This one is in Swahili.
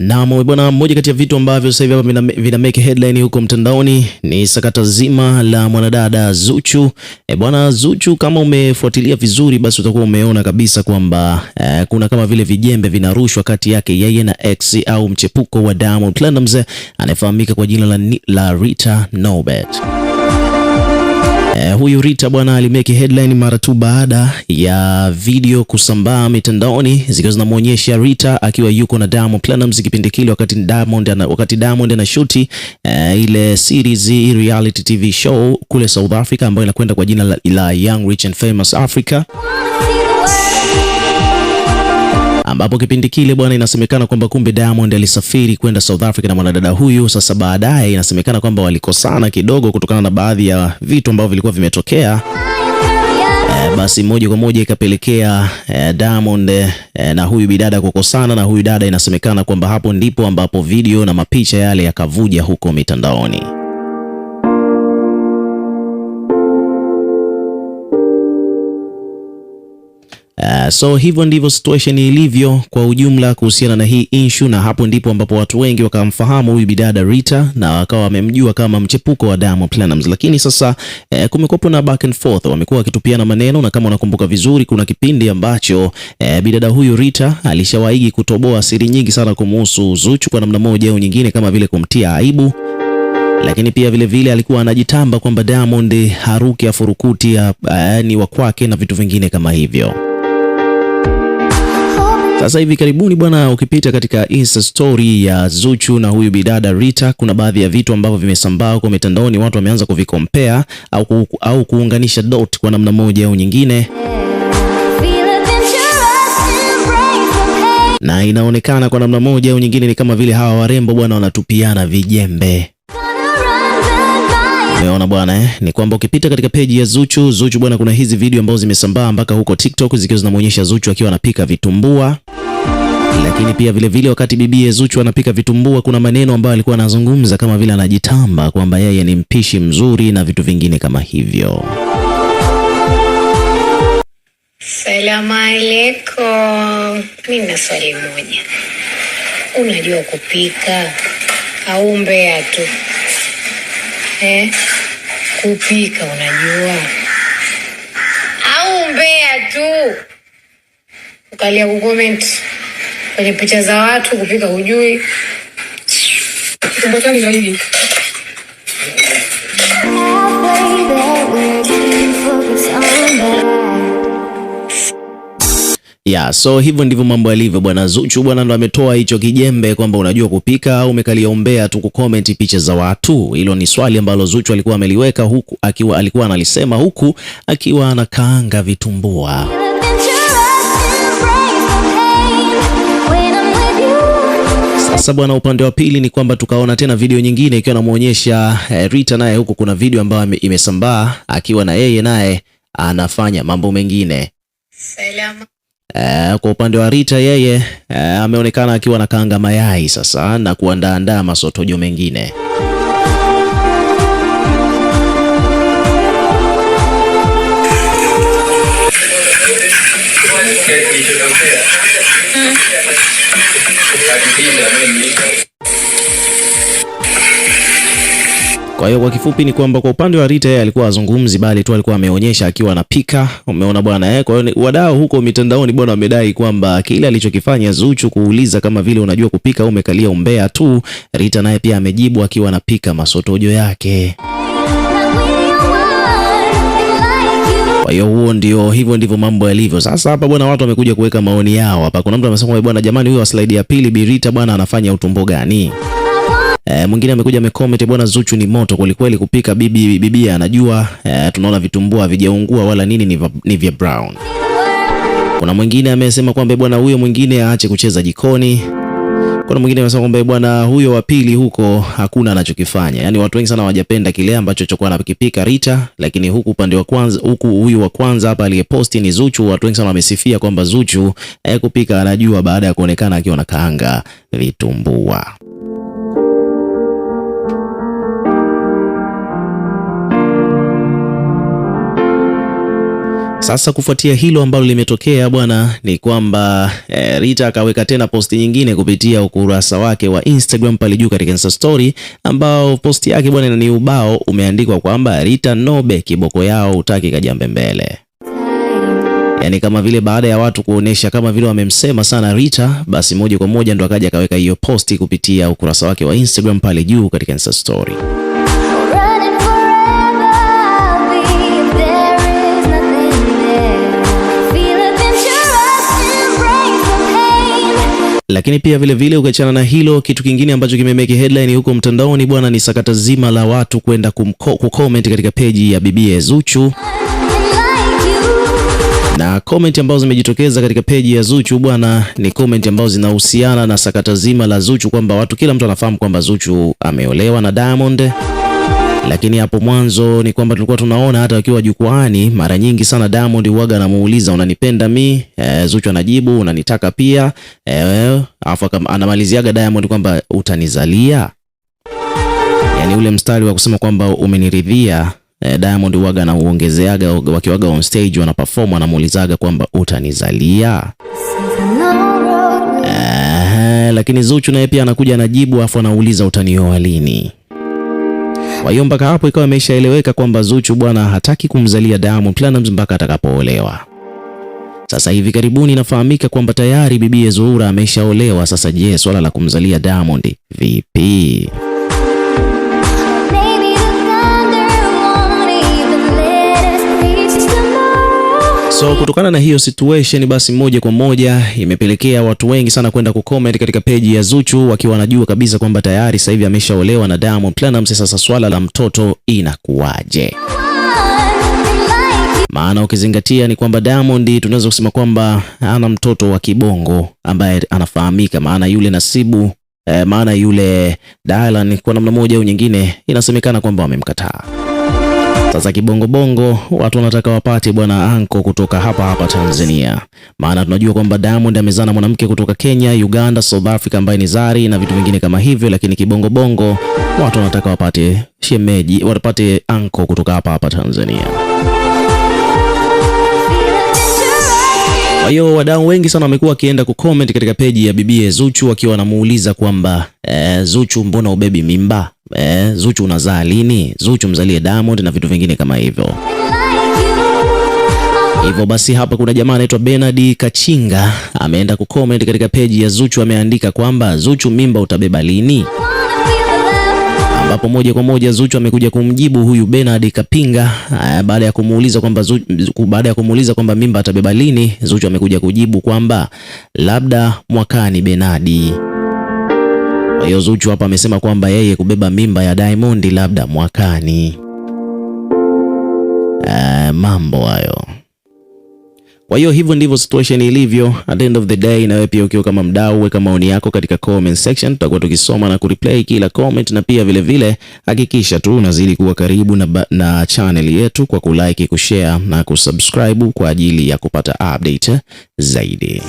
Naam bwana, moja kati ya vitu ambavyo sasa hivi hapa vina make headline huko mtandaoni ni sakata zima la mwanadada Zuchu. E bwana, Zuchu kama umefuatilia vizuri, basi utakuwa umeona kabisa kwamba eh, kuna kama vile vijembe vinarushwa kati yake yeye na ex au mchepuko wa Diamond Platnumz anayefahamika kwa jina la, la Rita Nobet. Eh, huyu Rita bwana alimeki headline mara tu baada ya video kusambaa mitandaoni zikiwa zinamuonyesha Rita akiwa yuko na Diamond Platnumz kipindi kile wakati Diamond ana wakati Diamond shoot eh, ile series reality TV show kule South Africa ambayo inakwenda kwa jina la Young Rich and Famous Africa ambapo kipindi kile bwana, inasemekana kwamba kumbe Diamond alisafiri kwenda South Africa na mwanadada huyu. Sasa baadaye inasemekana kwamba walikosana kidogo kutokana na baadhi ya vitu ambavyo vilikuwa vimetokea. E, basi moja kwa moja ikapelekea e, Diamond e, na huyu bidada kukosana, na huyu dada inasemekana kwamba hapo ndipo ambapo video na mapicha yale yakavuja huko mitandaoni. Uh, so hivyo ndivyo situation ilivyo kwa ujumla kuhusiana na hii issue, na hapo ndipo ambapo watu wengi wakamfahamu huyu bidada Rita na wakawa wamemjua kama mchepuko wa Diamond Platnumz. Lakini sasa eh, kumekuwa na back and forth, wamekuwa wakitupiana maneno, na kama unakumbuka vizuri, kuna kipindi ambacho eh, bidada huyu Rita alishawahi kutoboa siri nyingi sana kumuhusu Zuchu kwa namna moja au nyingine, kama vile kumtia aibu lakini pia vile vile alikuwa anajitamba kwamba Diamond haruki afurukuti eh, ni wa kwake na vitu vingine kama hivyo. Sasa hivi karibuni bwana, ukipita katika Insta story ya Zuchu na huyu bidada Rita, kuna baadhi ya vitu ambavyo vimesambaa kwa mitandaoni, watu wameanza kuvikompea au, ku, au kuunganisha dot kwa namna moja au nyingine na inaonekana kwa namna moja au nyingine ni kama vile hawa warembo bwana wanatupiana vijembe. Umeona bwana eh? Ni kwamba ukipita katika peji ya Zuchu, Zuchu bwana, kuna hizi video ambazo zimesambaa mpaka huko TikTok zikiwa zinamuonyesha Zuchu akiwa anapika vitumbua lakini pia vilevile vile wakati bibie Zuchu anapika vitumbua, kuna maneno ambayo alikuwa anazungumza kama vile anajitamba kwamba yeye ni mpishi mzuri na vitu vingine kama hivyo. Salamu aleikum. Mimi na swali moja, unajua kupika au umbea tu eh? kupika, unajua au mbea tu ukalia kucomment kwenye picha za watu, kupika hujui. Yeah, so hivyo ndivyo mambo yalivyo bwana. Zuchu bwana ndo ametoa hicho kijembe kwamba unajua kupika au umekalia umbea tu kucomment picha za watu. Hilo ni swali ambalo Zuchu alikuwa ameliweka huku akiwa alikuwa analisema huku akiwa anakaanga vitumbua. Sasa bwana, upande wa pili ni kwamba tukaona tena video nyingine ikiwa namuonyesha eh, Rita naye huku kuna video ambayo imesambaa akiwa na yeye naye anafanya mambo mengine. Salama. Uh, kwa upande wa Rita yeye uh, ameonekana akiwa na kanga mayai sasa na kuandaandaa masotojo mengine. Mm. Kwa hiyo kwa kifupi ni kwamba kwa upande wa Rita yeye alikuwa azungumzi, bali tu alikuwa ameonyesha akiwa anapika. Umeona bwana eh. Kwa hiyo wadau huko mitandaoni bwana wamedai kwamba kile alichokifanya Zuchu kuuliza kama vile unajua kupika au umekalia umbea tu, Rita naye pia amejibu akiwa anapika masotojo yake. Kwa hiyo huo ndio hivyo ndivyo mambo yalivyo sasa. Hapa bwana, watu wamekuja kuweka maoni yao hapa. Kuna mtu amesema bwana, jamani, huyo wa slide ya pili Birita bwana anafanya utumbo gani? E, mwingine amekuja amecomment bwana Zuchu ni moto kweli kweli kupika bibi bibi anajua. E, tunaona vitumbua vijaungua wala nini, ni vya brown. Kuna mwingine amesema kwamba bwana huyo mwingine aache kucheza jikoni. Kuna mwingine amesema kwamba bwana huyo wa pili huko hakuna anachokifanya. Yaani watu wengi sana hawajapenda kile ambacho chokuwa anakipika Rita, lakini huku upande wa kwanza, huku huyu wa kwanza hapa aliyeposti ni Zuchu. Watu wengi sana wamesifia kwamba Zuchu eh, kupika anajua, baada ya kuonekana akiwa na kaanga vitumbua. Sasa kufuatia hilo ambalo limetokea bwana, ni kwamba e, Rita akaweka tena posti nyingine kupitia ukurasa wake wa Instagram pale juu katika Insta story, ambao posti yake bwana ni ubao umeandikwa kwamba Rita nobe kiboko yao utaki kajambe mbele. Yaani kama vile baada ya watu kuonesha kama vile wamemsema sana Rita, basi moja kwa moja ndo akaja akaweka hiyo posti kupitia ukurasa wake wa Instagram pale juu katika Insta story. Lakini pia vile vile ukiachana na hilo, kitu kingine ambacho kimemeki headline huko mtandaoni bwana, ni sakata zima la watu kwenda kucomment katika peji ya Bibi Zuchu na comment ambazo zimejitokeza katika peji ya Zuchu bwana, ni comment ambazo zinahusiana na sakata zima la Zuchu, kwamba watu, kila mtu anafahamu kwamba Zuchu ameolewa na Diamond lakini hapo mwanzo ni kwamba tulikuwa tunaona hata wakiwa jukwaani, mara nyingi sana Diamond huaga anamuuliza unanipenda mi? E, Zuchu anajibu unanitaka pia e, eh, afu anamaliziaga Diamond kwamba utanizalia, yani ule mstari wa kusema kwamba umeniridhia E, Diamond huaga anauongezeaga wakiwaga on stage wana perform anamuulizaga kwamba utanizalia. Uh, lakini Zuchu naye pia anakuja anajibu afu anauliza utanioa lini? Kwa hiyo mpaka hapo ikawa imeshaeleweka kwamba Zuchu bwana hataki kumzalia Diamond Platnumz mpaka atakapoolewa. Sasa hivi karibuni inafahamika kwamba tayari bibie Zuhura ameshaolewa. Sasa je, swala la kumzalia Diamond vipi? So kutokana na hiyo situation, basi moja kwa moja imepelekea watu wengi sana kwenda kucomment katika peji ya Zuchu wakiwa wanajua kabisa kwamba tayari sasa hivi ameshaolewa na Diamond Platnumz. Sasa swala la mtoto inakuwaje? Maana ukizingatia ni kwamba Diamond tunaweza kusema kwamba ana mtoto wa kibongo ambaye anafahamika, maana yule Nasibu eh, maana yule Dylan kwa namna moja au nyingine inasemekana kwamba wamemkataa za kibongobongo, watu wanataka wapate bwana anko kutoka hapa hapa Tanzania, maana tunajua kwamba Diamond amezana mwanamke kutoka Kenya, Uganda, South Africa ambaye ni Zari na vitu vingine kama hivyo, lakini kibongobongo watu wanataka wapate shemeji, wapate anko kutoka hapa hapa Tanzania. Kwa hiyo wadau wengi sana wamekuwa wakienda kucomment katika peji ya bibie Zuchu wakiwa wanamuuliza kwamba e, Zuchu, mbona ubebi mimba? eh, Zuchu unazaa lini? Zuchu mzalie Diamond na vitu vingine kama hivyo hivyo basi, hapa kuna jamaa anaitwa Bernard Kachinga ameenda kucomment katika peji ya Zuchu, ameandika kwamba Zuchu, mimba utabeba lini? Ambapo moja kwa moja Zuchu amekuja kumjibu huyu Bernard Kapinga eh, baada ya kumuuliza kwamba baada ya kumuuliza kwamba mimba atabeba lini, Zuchu amekuja kujibu kwamba labda mwakani Bernard. Kwa hiyo Zuchu hapa amesema kwamba yeye kubeba mimba ya Diamond labda mwakani. Uh, mambo hayo. Kwa hiyo hivyo ndivyo situation ilivyo at the end of the day. Na wewe pia ukiwa kama mdau, weka maoni yako katika comment section, tutakuwa tukisoma na kureplay kila comment, na pia vile vile hakikisha tu unazidi kuwa karibu na, na channel yetu kwa kulike, kushare na kusubscribe kwa ajili ya kupata update zaidi.